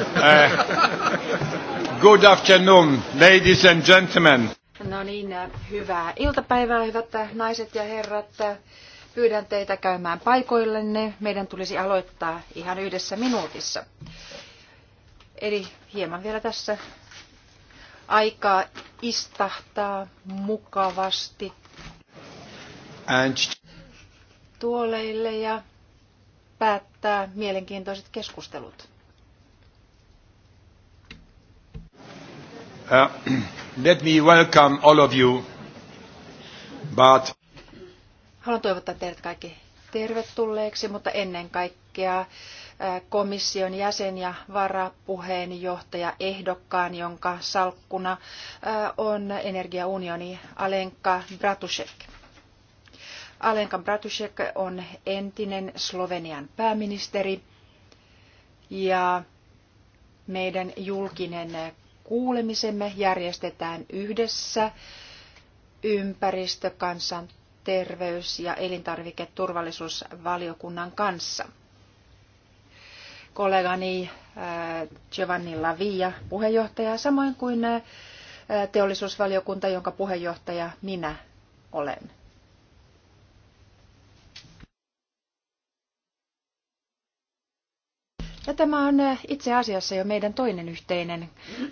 Eh, good afternoon, ladies and gentlemen. No niin, äh, hyvää iltapäivää, hyvät äh, naiset ja herrat. Äh, pyydän teitä käymään paikoillenne. Meidän tulisi aloittaa ihan yhdessä minuutissa. Eli hieman vielä tässä aikaa istahtaa mukavasti and... tuoleille ja päättää mielenkiintoiset keskustelut. Uh, let me welcome all of you, but... Haluan toivottaa teidät kaikki tervetulleeksi, mutta ennen kaikkea uh, komission jäsen ja varapuheenjohtaja ehdokkaan, jonka salkkuna uh, on energiaunioni Alenka Bratusek. Alenka Bratusek on entinen Slovenian pääministeri ja meidän julkinen kuulemisemme järjestetään yhdessä ympäristö, kansan terveys- ja elintarviketurvallisuusvaliokunnan kanssa. Kollegani äh, Giovanni Lavia puheenjohtaja, samoin kuin äh, teollisuusvaliokunta, jonka puheenjohtaja minä olen. Ja tämä on eh, itse asiassa jo meidän toinen yhteinen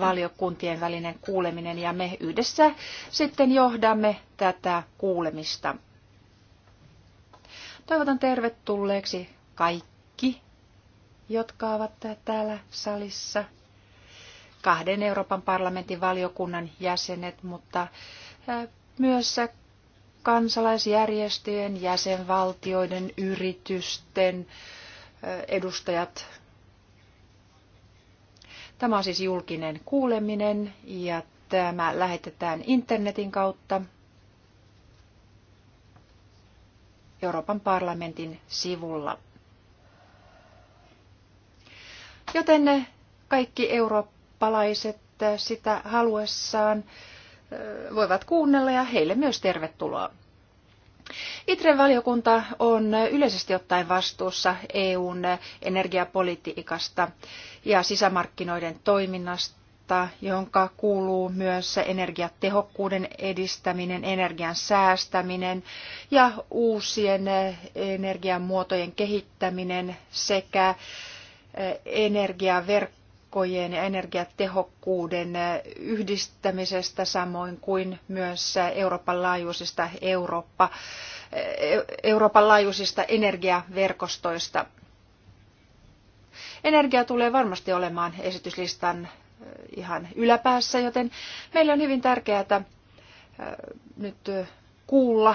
valiokuntien välinen kuuleminen ja me yhdessä sitten johdamme tätä kuulemista. Toivotan tervetulleeksi kaikki, jotka ovat täällä salissa. Kahden Euroopan parlamentin valiokunnan jäsenet, mutta eh, myös kansalaisjärjestöjen, jäsenvaltioiden, yritysten eh, edustajat Tämä on siis julkinen kuuleminen ja tämä lähetetään internetin kautta Euroopan parlamentin sivulla. Joten kaikki eurooppalaiset sitä haluessaan voivat kuunnella ja heille myös tervetuloa. Itren valiokunta on yleisesti ottaen vastuussa EUn energiapolitiikasta ja sisämarkkinoiden toiminnasta, jonka kuuluu myös energiatehokkuuden edistäminen, energian säästäminen ja uusien energiamuotojen kehittäminen sekä energiaverkkojen verkkojen ja energiatehokkuuden yhdistämisestä, samoin kuin myös Euroopan laajuisista, Eurooppa, Euroopan laajuisista energiaverkostoista. Energia tulee varmasti olemaan esityslistan ihan yläpäässä, joten meille on hyvin tärkeää äh, nyt kuulla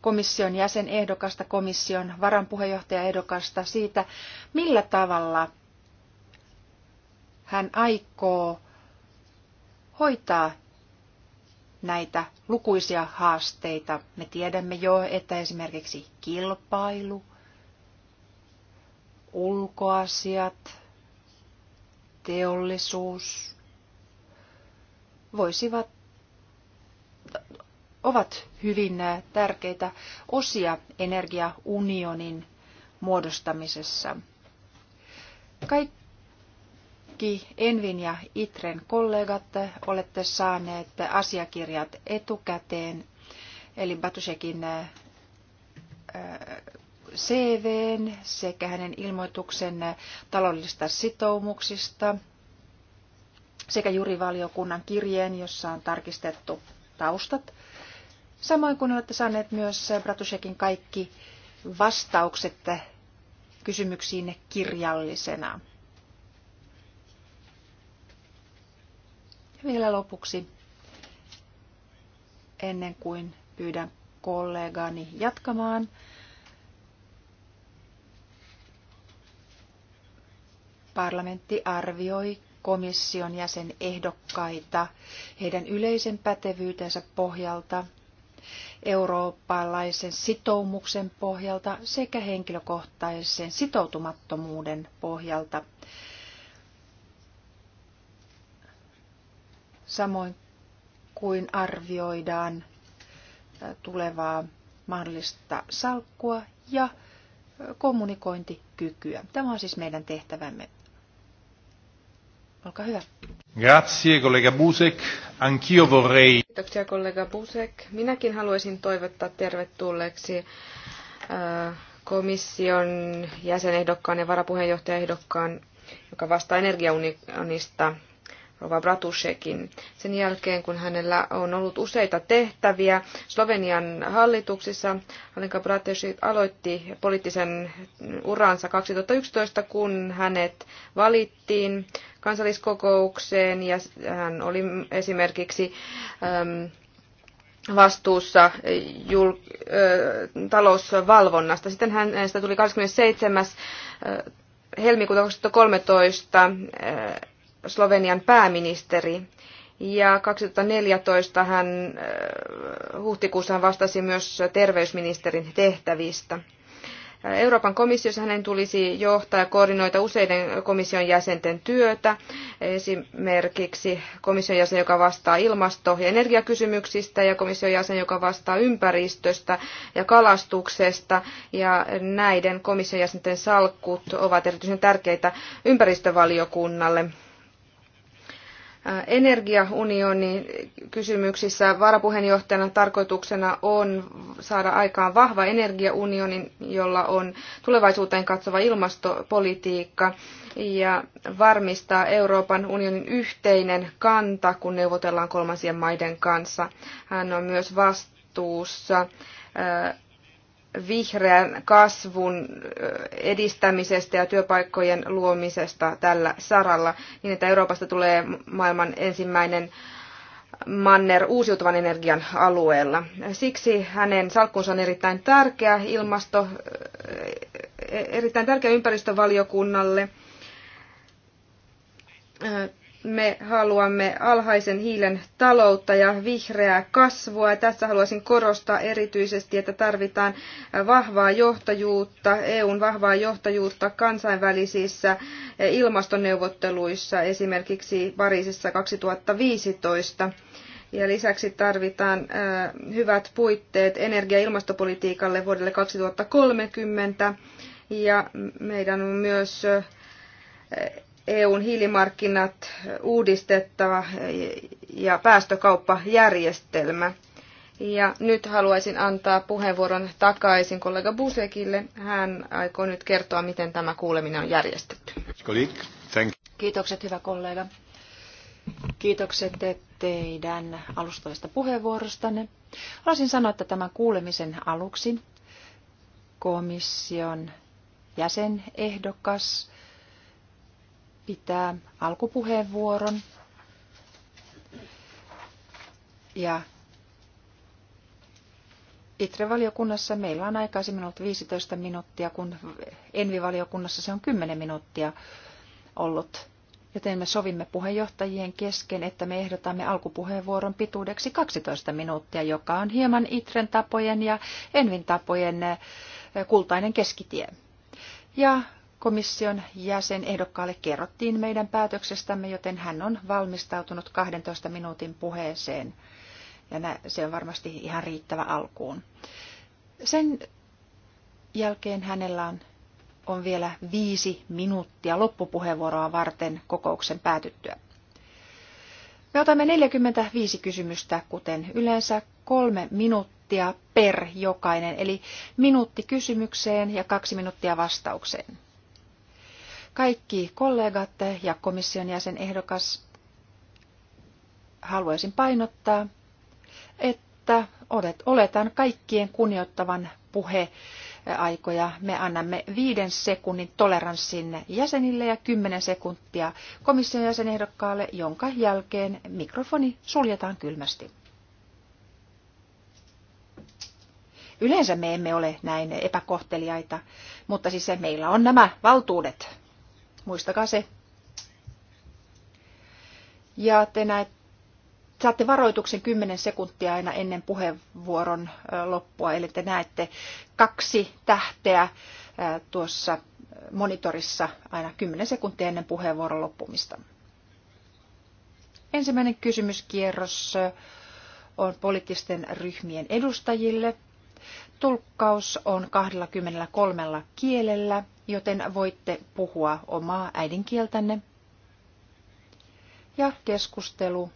komission jäsenehdokasta, komission varanpuheenjohtajaehdokasta siitä, millä tavalla – hän aikoo hoitaa näitä lukuisia haasteita. Me tiedämme jo, että esimerkiksi kilpailu, ulkoasiat, teollisuus voisivat, ovat hyvin tärkeitä osia energiaunionin muodostamisessa. Kaikki kaikki Envin ja Itren kollegat olette saaneet asiakirjat etukäteen, eli Batusekin äh, CVn sekä hänen ilmoituksen taloudellisista sitoumuksista sekä jurivaliokunnan kirjeen, jossa on tarkistettu taustat. Samoin kuin olette saaneet myös Bratusekin kaikki vastaukset kysymyksiin kirjallisena. Vielä lopuksi, ennen kuin pyydän kollegani jatkamaan, parlamentti arvioi komission jäsenehdokkaita heidän yleisen pätevyytensä pohjalta, eurooppalaisen sitoumuksen pohjalta sekä henkilökohtaisen sitoutumattomuuden pohjalta samoin kuin arvioidaan tulevaa mahdollista salkkua ja kommunikointikykyä. Tämä on siis meidän tehtävämme. Olkaa hyvä. Grazie, kollega Busek. Anch'io vorrei. Kiitoksia, kollega Busek. Minäkin haluaisin toivottaa tervetulleeksi komission jäsenehdokkaan ja varapuheenjohtajaehdokkaan, joka vastaa energiaunionista Rova Bratusekin. Sen jälkeen, kun hänellä on ollut useita tehtäviä Slovenian hallituksissa, Alenka Bratusek aloitti poliittisen uransa 2011, kun hänet valittiin kansalliskokoukseen ja hän oli esimerkiksi äm, vastuussa jul, äh, talousvalvonnasta. Sitten hänestä tuli 27. Äh, helmikuuta 2013 äh, Slovenian pääministeri. Ja 2014 hän, äh, huhtikuussa hän vastasi myös terveysministerin tehtävistä. Äh, Euroopan komissiossa hänen tulisi johtaa ja koordinoida useiden komission jäsenten työtä, esimerkiksi komission jäsen, joka vastaa ilmasto- ja energiakysymyksistä ja komission jäsen, joka vastaa ympäristöstä ja kalastuksesta. Ja näiden komission jäsenten salkut ovat erityisen tärkeitä ympäristövaliokunnalle energiaunionin kysymyksissä. Varapuheenjohtajana tarkoituksena on saada aikaan vahva energiaunionin, jolla on tulevaisuuteen katsova ilmastopolitiikka ja varmistaa Euroopan unionin yhteinen kanta, kun neuvotellaan kolmansien maiden kanssa. Hän on myös vastuussa vihreän kasvun edistämisestä ja työpaikkojen luomisesta tällä saralla, niin että Euroopasta tulee maailman ensimmäinen manner uusiutuvan energian alueella. Siksi hänen salkkunsa on erittäin tärkeä ilmasto, e, erittäin tärkeä ympäristövaliokunnalle me haluamme alhaisen hiilen taloutta ja vihreää kasvua. Tässä haluaisin korostaa erityisesti, että tarvitaan vahvaa johtajuutta, EUn vahvaa johtajuutta kansainvälisissä ilmastoneuvotteluissa, esimerkiksi Pariisissa 2015. Ja lisäksi tarvitaan hyvät puitteet energia- ja ilmastopolitiikalle vuodelle 2030. Ja meidän on myös EUn hiilimarkkinat uudistettava ja päästökauppajärjestelmä. Ja nyt haluaisin antaa puheenvuoron takaisin kollega Busekille. Hän aikoo nyt kertoa, miten tämä kuuleminen on järjestetty. Kiitokset, hyvä kollega. Kiitokset teidän alustavasta puheenvuorostanne. Haluaisin sanoa, että tämän kuulemisen aluksi komission jäsenehdokas pitää alkupuheenvuoron. Ja ITRE-valiokunnassa meillä on aikaisemmin ollut 15 minuuttia, kun ENVI-valiokunnassa se on 10 minuuttia ollut. Joten me sovimme puheenjohtajien kesken, että me ehdotamme alkupuheenvuoron pituudeksi 12 minuuttia, joka on hieman ITREn tapojen ja ENVin tapojen kultainen keskitie. Ja komission jäsen ehdokkaalle kerrottiin meidän päätöksestämme, joten hän on valmistautunut 12 minuutin puheeseen. Ja se on varmasti ihan riittävä alkuun. Sen jälkeen hänellä on, on vielä viisi minuuttia loppupuheenvuoroa varten kokouksen päätyttyä. Me otamme 45 kysymystä, kuten yleensä kolme minuuttia per jokainen, eli minuutti kysymykseen ja kaksi minuuttia vastaukseen. Kaikki kollegat ja komission jäsen ehdokas haluaisin painottaa, että oletan kaikkien kunnioittavan puheaikoja. Me annamme viiden sekunnin toleranssin jäsenille ja kymmenen sekuntia komission jäsenehdokkaalle, jonka jälkeen mikrofoni suljetaan kylmästi. Yleensä me emme ole näin epäkohteliaita, mutta siis meillä on nämä valtuudet muistakaa se. Ja te näet, saatte varoituksen 10 sekuntia aina ennen puheenvuoron loppua, eli te näette kaksi tähteä tuossa monitorissa aina 10 sekuntia ennen puheenvuoron loppumista. Ensimmäinen kysymyskierros on poliittisten ryhmien edustajille. Tulkkaus on 23 kielellä, joten voitte puhua omaa äidinkieltänne. Ja keskustelu.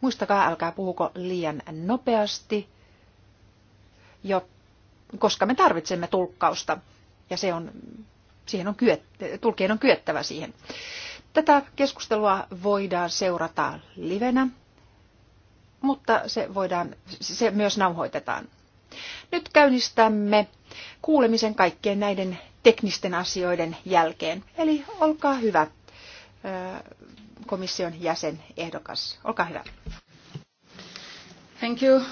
Muistakaa, älkää puhuko liian nopeasti, jo, koska me tarvitsemme tulkkausta. Ja se on, siihen on kyet, tulkien on kyettävä siihen. Tätä keskustelua voidaan seurata livenä mutta se, voidaan, se myös nauhoitetaan. Nyt käynnistämme kuulemisen kaikkien näiden teknisten asioiden jälkeen. Eli olkaa hyvä, komission jäsen ehdokas. Olkaa hyvä. Thank you.